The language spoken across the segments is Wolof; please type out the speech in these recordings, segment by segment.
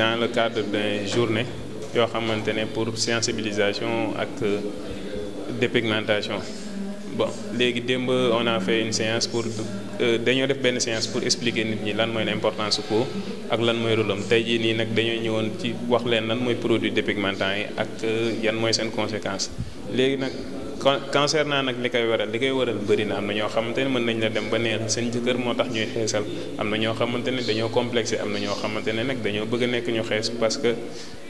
dans le cadre d'une journée yoo xamante ne pour sensibilisation ak euh, dépigmentation bon léegi démb on a fait une séance pour euh, dañoo def benn séance pour expliquer nit ñi lan mooy importance su ak lan mooy rôle am tey jii nii nag dañoo ñëwoon ci wax leen lan mooy produit dépigmentant yi ak euh, yan mooy seen conséquence léegi nag concernant nag li koy waral li koy waral bëri na am na ñoo xamante ne mën nañ la dem ba neex seen jëkkër moo tax ñuy xeesal am na ñoo xamante ne dañoo complexé am na ñoo xamante ne nag dañoo bëgg a nekk ñu xees parce que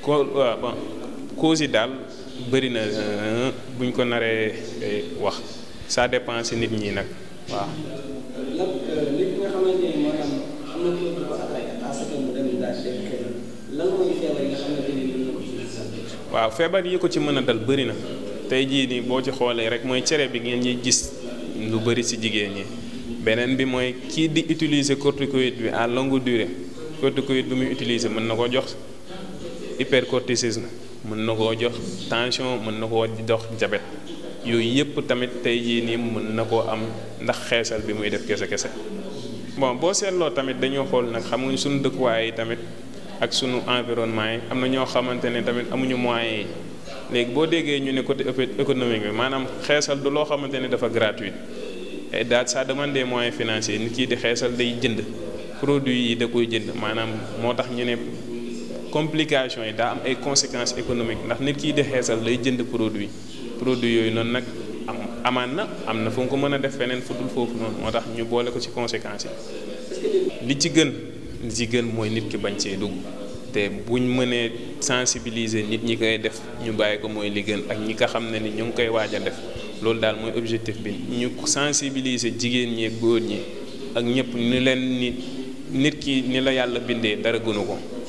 ko yi daal bëri na euh, buñ ko naree euh, wax ça dépend nit ñi nag waaw. waaw feebar yi ko ci mën a dal bëri na tey jii nii boo ci xoolee rek mooy cere bi ngeen ñuy gis lu bëri ci jigéen ñi beneen bi mooy kii di utiliser corticoïde bi à longue durée corticoïde bi muy utiliser mën na ko jox hypercorticisme mën na koo jox tension mën na koo jox diabète yooyu yëpp tamit tey jii nii mën na koo am ndax xeesal bi muy def kese kese. bon boo seetloo tamit dañoo xool nag xam nga suñu dëkkuwaay yi tamit ak suñu environnement yi am na ñoo xamante ne tamit amuñu moyens yi. léegi boo déggee ñu ne côté économique bi maanaam xeesal du loo xamante ni dafa gratuit et daal ça demande des moyens financiers nit kii di xeesal day jënd produit yi da koy jënd maanaam moo tax ñu ne complication yi daa am ay conséquence économiques ndax nit kii di xeesal day jënd produit produit yooyu noonu nag am amaan na am na fu nga ko mën a def feneen fu foofu noonu moo tax ñu boole ko ci conséquences yi li ci gën li ci gën mooy nit ki bañ cee dugg te buñ mënee sensibiliser nit ñi koy def ñu bàyyi ko mooy li ak ñi nga xam ne ni ñu ngi koy waaj a def loolu daal mooy objectif bi ñu sensibiliser jigéen ñi góor ñi ak ñëpp ni leen ni nit ki ni la yàlla bindee dara gënu ko.